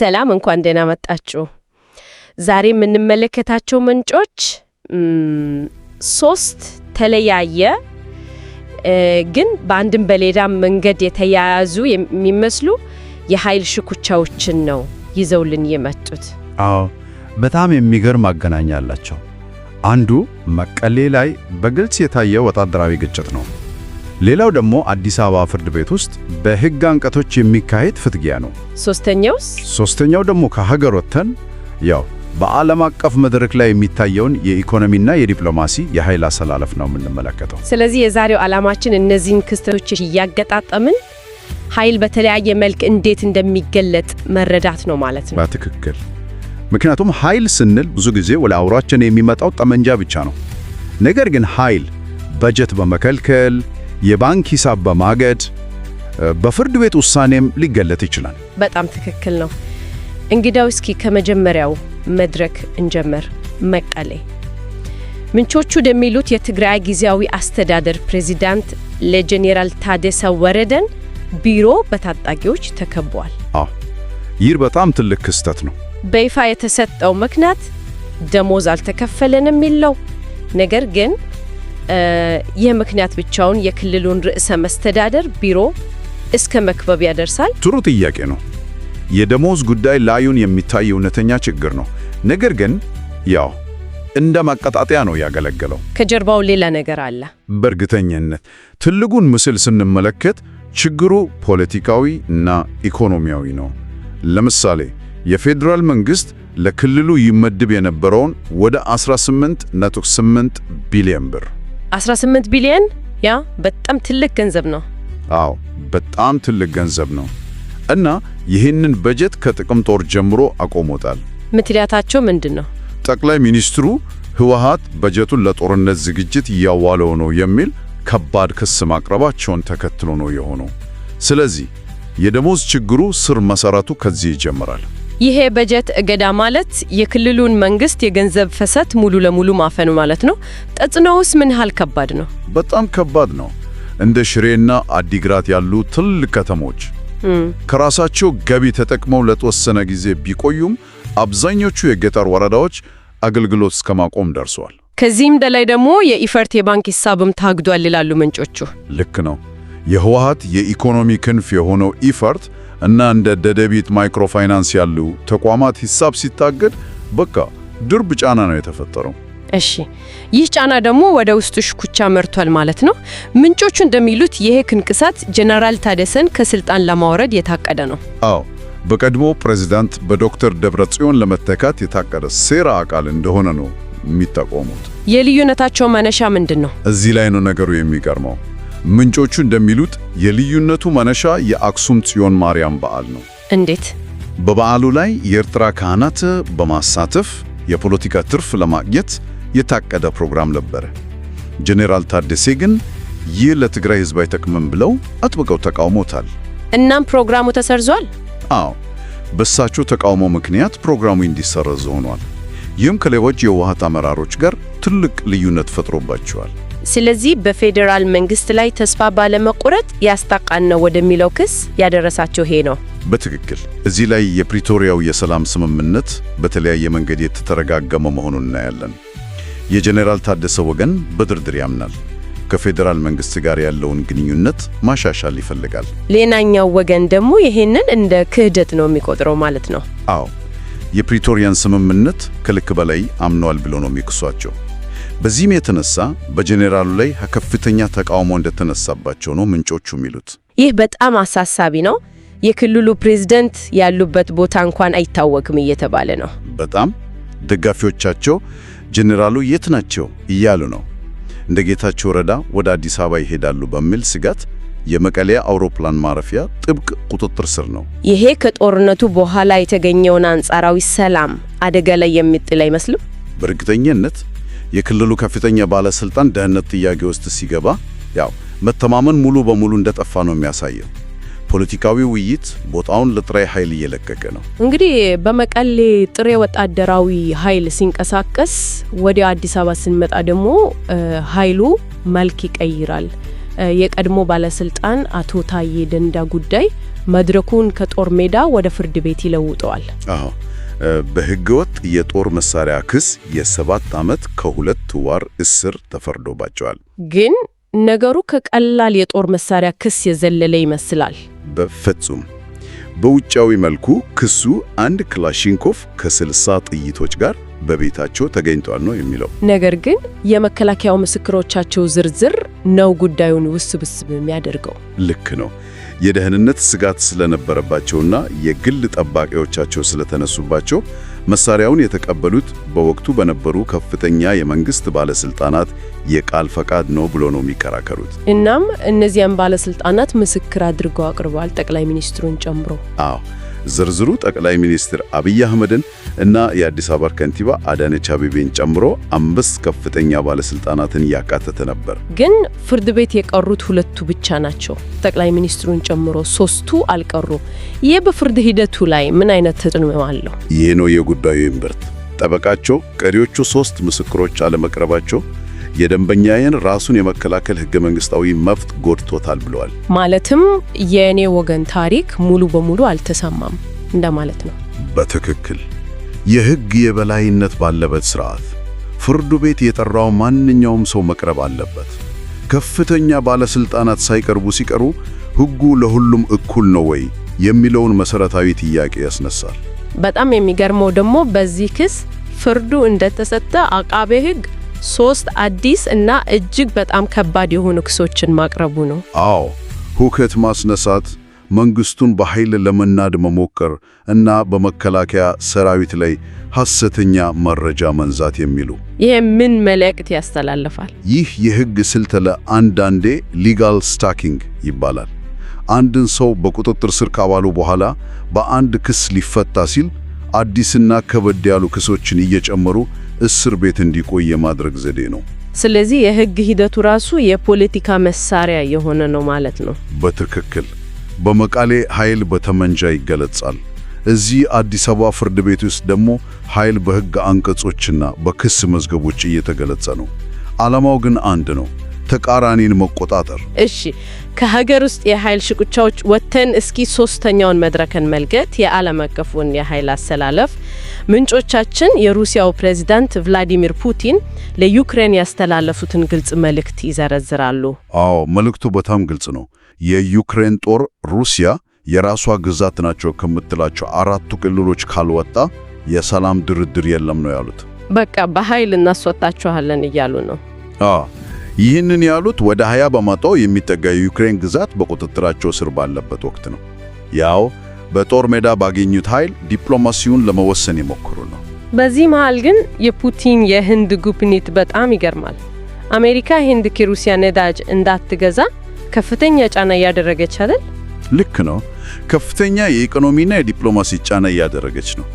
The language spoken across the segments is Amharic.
ሰላም፣ እንኳን ደህና መጣችሁ። ዛሬ የምንመለከታቸው ምንጮች ሶስት ተለያየ ግን በአንድም በሌዳ መንገድ የተያያዙ የሚመስሉ የኃይል ሽኩቻዎችን ነው ይዘውልን የመጡት። አዎ በጣም የሚገርም አገናኛ አላቸው። አንዱ መቀሌ ላይ በግልጽ የታየ ወታደራዊ ግጭት ነው። ሌላው ደግሞ አዲስ አበባ ፍርድ ቤት ውስጥ በሕግ አንቀቶች የሚካሄድ ፍትጊያ ነው። ሶስተኛውስ? ሶስተኛው ደግሞ ከሀገር ወጥተን ያው በዓለም አቀፍ መድረክ ላይ የሚታየውን የኢኮኖሚና የዲፕሎማሲ የኃይል አሰላለፍ ነው የምንመለከተው። ስለዚህ የዛሬው ዓላማችን እነዚህን ክስተቶች እያገጣጠምን ኃይል በተለያየ መልክ እንዴት እንደሚገለጥ መረዳት ነው ማለት ነው። በትክክል ምክንያቱም ኃይል ስንል ብዙ ጊዜ ወደ አእምሯችን የሚመጣው ጠመንጃ ብቻ ነው። ነገር ግን ኃይል በጀት በመከልከል የባንክ ሂሳብ በማገድ በፍርድ ቤት ውሳኔም ሊገለጥ ይችላል። በጣም ትክክል ነው። እንግዳው እስኪ ከመጀመሪያው መድረክ እንጀምር። መቀሌ ምንቾቹ እንደሚሉት የትግራይ ጊዜያዊ አስተዳደር ፕሬዚዳንት ለጄኔራል ታደሰ ወረደን ቢሮ በታጣቂዎች ተከቧል። አዎ ይህ በጣም ትልቅ ክስተት ነው። በይፋ የተሰጠው ምክንያት ደሞዝ አልተከፈለንም የሚለው ነገር ግን ይህ ምክንያት ብቻውን የክልሉን ርዕሰ መስተዳደር ቢሮ እስከ መክበብ ያደርሳል? ጥሩ ጥያቄ ነው። የደሞዝ ጉዳይ ላዩን የሚታይ እውነተኛ ችግር ነው። ነገር ግን ያው እንደ ማቀጣጠያ ነው ያገለገለው። ከጀርባው ሌላ ነገር አለ። በእርግጠኝነት ትልቁን ምስል ስንመለከት ችግሩ ፖለቲካዊ እና ኢኮኖሚያዊ ነው። ለምሳሌ የፌዴራል መንግስት ለክልሉ ይመድብ የነበረውን ወደ 18.8 ቢሊዮን ብር 18 ቢሊየን ያ በጣም ትልቅ ገንዘብ ነው። አዎ በጣም ትልቅ ገንዘብ ነው። እና ይህንን በጀት ከጥቅምት ወር ጀምሮ አቆሞታል። ምክንያታቸው ምንድን ነው? ጠቅላይ ሚኒስትሩ ህወሓት በጀቱን ለጦርነት ዝግጅት እያዋለው ነው የሚል ከባድ ክስ ማቅረባቸውን ተከትሎ ነው የሆነው። ስለዚህ የደሞዝ ችግሩ ስር መሰረቱ ከዚህ ይጀምራል። ይሄ በጀት እገዳ ማለት የክልሉን መንግስት የገንዘብ ፍሰት ሙሉ ለሙሉ ማፈኑ ማለት ነው። ተጽዕኖውስ ምን ያህል ከባድ ነው? በጣም ከባድ ነው። እንደ ሽሬና አዲግራት ያሉ ትልቅ ከተሞች ከራሳቸው ገቢ ተጠቅመው ለተወሰነ ጊዜ ቢቆዩም አብዛኞቹ የገጠር ወረዳዎች አገልግሎት እስከማቆም ደርሰዋል። ከዚህም በላይ ደግሞ የኢፈርት የባንክ ሂሳብም ታግዷል ይላሉ ምንጮቹ። ልክ ነው። የህወሓት የኢኮኖሚ ክንፍ የሆነው ኢፈርት እና እንደ ደደቢት ማይክሮፋይናንስ ያሉ ተቋማት ሂሳብ ሲታገድ በቃ ድርብ ጫና ነው የተፈጠረው። እሺ፣ ይህ ጫና ደግሞ ወደ ውስጡ ሽኩቻ መርቷል ማለት ነው። ምንጮቹ እንደሚሉት ይሄ ክንቅሳት ጀነራል ታደሰን ከስልጣን ለማውረድ የታቀደ ነው። አዎ፣ በቀድሞ ፕሬዚዳንት በዶክተር ደብረጽዮን ለመተካት የታቀደ ሴራ አቃል እንደሆነ ነው የሚጠቆሙት። የልዩነታቸው መነሻ ምንድን ነው? እዚህ ላይ ነው ነገሩ የሚገርመው። ምንጮቹ እንደሚሉት የልዩነቱ መነሻ የአክሱም ጽዮን ማርያም በዓል ነው። እንዴት? በበዓሉ ላይ የኤርትራ ካህናት በማሳተፍ የፖለቲካ ትርፍ ለማግኘት የታቀደ ፕሮግራም ነበረ። ጄኔራል ታደሴ ግን ይህ ለትግራይ ሕዝብ አይጠቅምም ብለው አጥብቀው ተቃውሞታል። እናም ፕሮግራሙ ተሰርዟል። አዎ፣ በእሳቸው ተቃውሞ ምክንያት ፕሮግራሙ እንዲሰረዝ ሆኗል። ይህም ከሌሎች የህወሓት አመራሮች ጋር ትልቅ ልዩነት ፈጥሮባቸዋል። ስለዚህ በፌዴራል መንግስት ላይ ተስፋ ባለመቁረጥ ያስታቃን ነው ወደሚለው ክስ ያደረሳቸው ይሄ ነው። በትክክል እዚህ ላይ የፕሪቶሪያው የሰላም ስምምነት በተለያየ መንገድ የተተረጋገመ መሆኑን እናያለን። የጀኔራል ታደሰ ወገን በድርድር ያምናል። ከፌዴራል መንግስት ጋር ያለውን ግንኙነት ማሻሻል ይፈልጋል። ሌላኛው ወገን ደግሞ ይሄንን እንደ ክህደት ነው የሚቆጥረው ማለት ነው። አዎ የፕሪቶሪያን ስምምነት ከልክ በላይ አምኗል ብሎ ነው የሚክሷቸው። በዚህም የተነሳ በጄኔራሉ ላይ ከፍተኛ ተቃውሞ እንደተነሳባቸው ነው ምንጮቹ የሚሉት። ይህ በጣም አሳሳቢ ነው። የክልሉ ፕሬዝደንት ያሉበት ቦታ እንኳን አይታወቅም እየተባለ ነው። በጣም ደጋፊዎቻቸው ጄኔራሉ የት ናቸው እያሉ ነው። እንደ ጌታቸው ረዳ ወደ አዲስ አበባ ይሄዳሉ በሚል ስጋት የመቀሌ አውሮፕላን ማረፊያ ጥብቅ ቁጥጥር ስር ነው። ይሄ ከጦርነቱ በኋላ የተገኘውን አንጻራዊ ሰላም አደጋ ላይ የሚጥል አይመስልም። በእርግጠኝነት የክልሉ ከፍተኛ ባለስልጣን ደህንነት ጥያቄ ውስጥ ሲገባ ያው መተማመን ሙሉ በሙሉ እንደጠፋ ነው የሚያሳየው። ፖለቲካዊ ውይይት ቦታውን ለጥሬ ኃይል እየለቀቀ ነው። እንግዲህ በመቀሌ ጥሬ ወታደራዊ ኃይል ሲንቀሳቀስ ወደ አዲስ አበባ ስንመጣ ደግሞ ኃይሉ መልክ ይቀይራል። የቀድሞ ባለስልጣን አቶ ታዬ ደንዳ ጉዳይ መድረኩን ከጦር ሜዳ ወደ ፍርድ ቤት ይለውጠዋል። በህገወጥ የጦር መሳሪያ ክስ የሰባት ዓመት ከሁለት ወር እስር ተፈርዶባቸዋል። ግን ነገሩ ከቀላል የጦር መሳሪያ ክስ የዘለለ ይመስላል። በፍጹም። በውጫዊ መልኩ ክሱ አንድ ክላሽንኮቭ ከ60 ጥይቶች ጋር በቤታቸው ተገኝቷል ነው የሚለው። ነገር ግን የመከላከያው ምስክሮቻቸው ዝርዝር ነው ጉዳዩን ውስብስብ የሚያደርገው። ልክ ነው። የደህንነት ስጋት ስለነበረባቸውና የግል ጠባቂዎቻቸው ስለተነሱባቸው መሳሪያውን የተቀበሉት በወቅቱ በነበሩ ከፍተኛ የመንግስት ባለስልጣናት የቃል ፈቃድ ነው ብሎ ነው የሚከራከሩት። እናም እነዚያን ባለስልጣናት ምስክር አድርገው አቅርበዋል፣ ጠቅላይ ሚኒስትሩን ጨምሮ። አዎ ዝርዝሩ ጠቅላይ ሚኒስትር አብይ አህመድን እና የአዲስ አበባ ከንቲባ አዳነች አቤቤን ጨምሮ አምስት ከፍተኛ ባለስልጣናትን ያካተተ ነበር። ግን ፍርድ ቤት የቀሩት ሁለቱ ብቻ ናቸው። ጠቅላይ ሚኒስትሩን ጨምሮ ሶስቱ አልቀሩ። ይህ በፍርድ ሂደቱ ላይ ምን አይነት ተጽዕኖ አለው? ይህ ነው የጉዳዩ እምብርት። ጠበቃቸው ቀሪዎቹ ሶስት ምስክሮች አለመቅረባቸው የደንበኛዬን ራሱን የመከላከል ህገ መንግስታዊ መብት ጎድቶታል ብለዋል። ማለትም የእኔ ወገን ታሪክ ሙሉ በሙሉ አልተሰማም እንደማለት ነው። በትክክል የህግ የበላይነት ባለበት ስርዓት ፍርዱ ቤት የጠራው ማንኛውም ሰው መቅረብ አለበት። ከፍተኛ ባለስልጣናት ሳይቀርቡ ሲቀሩ ህጉ ለሁሉም እኩል ነው ወይ የሚለውን መሰረታዊ ጥያቄ ያስነሳል። በጣም የሚገርመው ደግሞ በዚህ ክስ ፍርዱ እንደተሰጠ አቃቤ ህግ ሶስት አዲስ እና እጅግ በጣም ከባድ የሆኑ ክሶችን ማቅረቡ ነው። አዎ ሁከት ማስነሳት፣ መንግስቱን በኃይል ለመናድ መሞከር እና በመከላከያ ሰራዊት ላይ ሐሰተኛ መረጃ መንዛት የሚሉ። ይህ ምን መልእክት ያስተላልፋል? ይህ የሕግ ስልት አንዳንዴ ሊጋል ስታኪንግ ይባላል። አንድን ሰው በቁጥጥር ስር ካዋሉ በኋላ በአንድ ክስ ሊፈታ ሲል አዲስና ከበድ ያሉ ክሶችን እየጨመሩ እስር ቤት እንዲቆይ የማድረግ ዘዴ ነው። ስለዚህ የህግ ሂደቱ ራሱ የፖለቲካ መሳሪያ የሆነ ነው ማለት ነው። በትክክል በመቃሌ ኃይል በጠመንጃ ይገለጻል። እዚህ አዲስ አበባ ፍርድ ቤት ውስጥ ደግሞ ኃይል በህግ አንቀጾችና በክስ መዝገቦች እየተገለጸ ነው። ዓላማው ግን አንድ ነው። ተቃራኒን መቆጣጠር። እሺ ከሀገር ውስጥ የኃይል ሽኩቻዎች ወጥተን እስኪ ሶስተኛውን መድረክን መልገት የዓለም አቀፉን የኃይል አሰላለፍ። ምንጮቻችን የሩሲያው ፕሬዚዳንት ቭላዲሚር ፑቲን ለዩክሬን ያስተላለፉትን ግልጽ መልእክት ይዘረዝራሉ። አዎ መልእክቱ በጣም ግልጽ ነው። የዩክሬን ጦር ሩሲያ የራሷ ግዛት ናቸው ከምትላቸው አራቱ ክልሎች ካልወጣ የሰላም ድርድር የለም ነው ያሉት። በቃ በኃይል እናስወጣችኋለን እያሉ ነው። አዎ ይህንን ያሉት ወደ 20 በመቶ የሚጠጋ የዩክሬን ግዛት በቁጥጥራቸው ስር ባለበት ወቅት ነው። ያው በጦር ሜዳ ባገኙት ኃይል ዲፕሎማሲውን ለመወሰን የሞክሩ ነው። በዚህ መሃል ግን የፑቲን የህንድ ጉብኝት በጣም ይገርማል። አሜሪካ ህንድ ከሩሲያ ነዳጅ እንዳትገዛ ከፍተኛ ጫና እያደረገች አይደል? ልክ ነው። ከፍተኛ የኢኮኖሚና የዲፕሎማሲ ጫና እያደረገች ነው።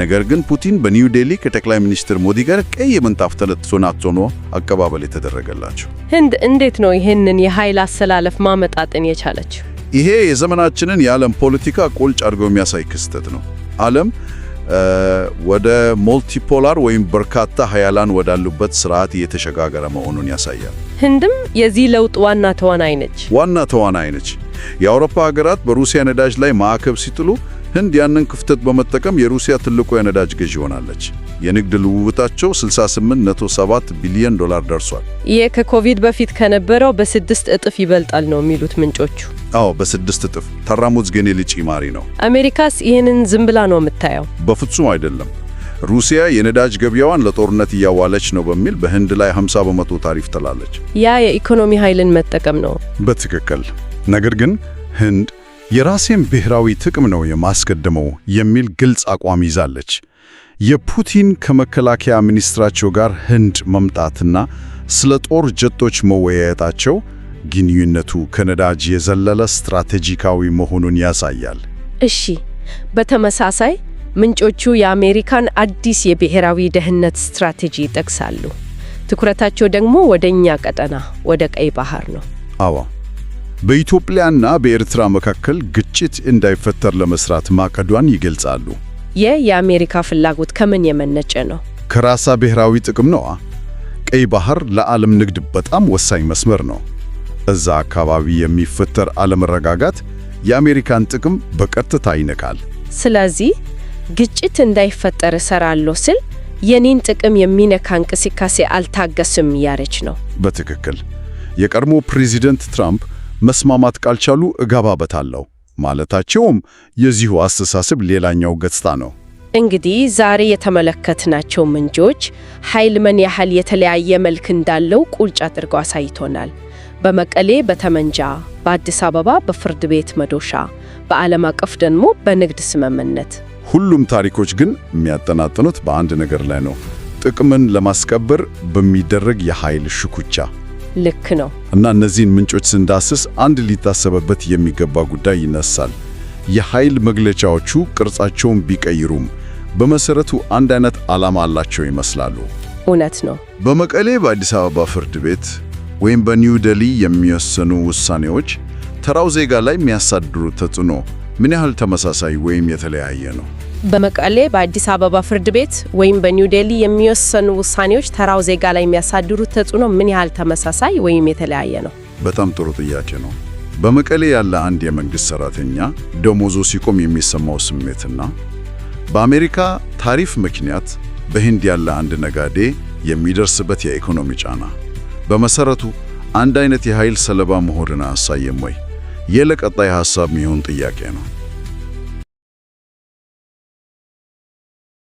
ነገር ግን ፑቲን በኒው ዴሊ ከጠቅላይ ሚኒስትር ሞዲ ጋር ቀይ ምንጣፍ ተነጥፎላት ሆኖ አቀባበል የተደረገላቸው። ህንድ እንዴት ነው ይህንን የኃይል አሰላለፍ ማመጣጠን የቻለችው? ይሄ የዘመናችንን የዓለም ፖለቲካ ቁልጭ አድርገው የሚያሳይ ክስተት ነው። ዓለም ወደ ሞልቲፖላር ወይም በርካታ ሀያላን ወዳሉበት ስርዓት እየተሸጋገረ መሆኑን ያሳያል። ህንድም የዚህ ለውጥ ዋና ተዋናይ ነች ዋና ተዋናይ ነች። የአውሮፓ ሀገራት በሩሲያ ነዳጅ ላይ ማዕከብ ሲጥሉ ህንድ ያንን ክፍተት በመጠቀም የሩሲያ ትልቁ የነዳጅ ገዢ ሆናለች። የንግድ ልውውጣቸው 68.7 ቢሊዮን ዶላር ደርሷል። ይህ ከኮቪድ በፊት ከነበረው በስድስት እጥፍ ይበልጣል ነው የሚሉት ምንጮቹ። አዎ በስድስት እጥፍ ታራሙዝ ልጭ ጭማሪ ነው። አሜሪካስ ይህንን ዝም ብላ ነው የምታየው? በፍጹም አይደለም። ሩሲያ የነዳጅ ገበያዋን ለጦርነት እያዋለች ነው በሚል በህንድ ላይ 50 በመቶ ታሪፍ ጥላለች። ያ የኢኮኖሚ ኃይልን መጠቀም ነው። በትክክል ነገር ግን ህንድ የራሴን ብሔራዊ ጥቅም ነው የማስቀድመው የሚል ግልጽ አቋም ይዛለች። የፑቲን ከመከላከያ ሚኒስትራቸው ጋር ህንድ መምጣትና ስለ ጦር ጀቶች መወያየታቸው ግንኙነቱ ከነዳጅ የዘለለ ስትራቴጂካዊ መሆኑን ያሳያል። እሺ፣ በተመሳሳይ ምንጮቹ የአሜሪካን አዲስ የብሔራዊ ደህንነት ስትራቴጂ ይጠቅሳሉ። ትኩረታቸው ደግሞ ወደ እኛ ቀጠና ወደ ቀይ ባህር ነው። አዋ በኢትዮጵያና በኤርትራ መካከል ግጭት እንዳይፈጠር ለመስራት ማቀዷን ይገልጻሉ። ይህ የአሜሪካ ፍላጎት ከምን የመነጨ ነው? ከራሳ ብሔራዊ ጥቅም ነዋ። ቀይ ባህር ለዓለም ንግድ በጣም ወሳኝ መስመር ነው። እዛ አካባቢ የሚፈጠር አለመረጋጋት የአሜሪካን ጥቅም በቀጥታ ይነካል። ስለዚህ ግጭት እንዳይፈጠር እሰራለሁ ስል የኔን ጥቅም የሚነካ እንቅስቃሴ አልታገስም ያለች ነው። በትክክል የቀድሞ ፕሬዚደንት ትራምፕ መስማማት ካልቻሉ እገባበታለሁ ማለታቸውም የዚሁ አስተሳሰብ ሌላኛው ገጽታ ነው። እንግዲህ ዛሬ የተመለከትናቸው ምንጮች ኃይል ምን ያህል የተለያየ መልክ እንዳለው ቁልጭ አድርገው አሳይቶናል። በመቀሌ በተመንጃ በአዲስ አበባ በፍርድ ቤት መዶሻ፣ በዓለም አቀፍ ደግሞ በንግድ ስምምነት። ሁሉም ታሪኮች ግን የሚያጠናጥኑት በአንድ ነገር ላይ ነው፣ ጥቅምን ለማስከበር በሚደረግ የኃይል ሽኩቻ። ልክ ነው። እና እነዚህን ምንጮች ስንዳስስ አንድ ሊታሰበበት የሚገባ ጉዳይ ይነሳል። የኃይል መግለጫዎቹ ቅርጻቸውን ቢቀይሩም በመሰረቱ አንድ አይነት ዓላማ አላቸው ይመስላሉ። እውነት ነው። በመቀሌ በአዲስ አበባ ፍርድ ቤት ወይም በኒው ዴሊ የሚወሰኑ ውሳኔዎች ተራው ዜጋ ላይ የሚያሳድሩት ተጽዕኖ ምን ያህል ተመሳሳይ ወይም የተለያየ ነው? በመቀሌ በአዲስ አበባ ፍርድ ቤት ወይም በኒው ዴሊ የሚወሰኑ ውሳኔዎች ተራው ዜጋ ላይ የሚያሳድሩት ተጽዕኖ ምን ያህል ተመሳሳይ ወይም የተለያየ ነው? በጣም ጥሩ ጥያቄ ነው። በመቀሌ ያለ አንድ የመንግሥት ሠራተኛ ደሞዙ ሲቆም የሚሰማው ስሜትና በአሜሪካ ታሪፍ ምክንያት በህንድ ያለ አንድ ነጋዴ የሚደርስበት የኢኮኖሚ ጫና በመሰረቱ አንድ አይነት የኃይል ሰለባ መሆንን አያሳይም ወይ? የለቀጣይ ሐሳብ የሚሆን ጥያቄ ነው።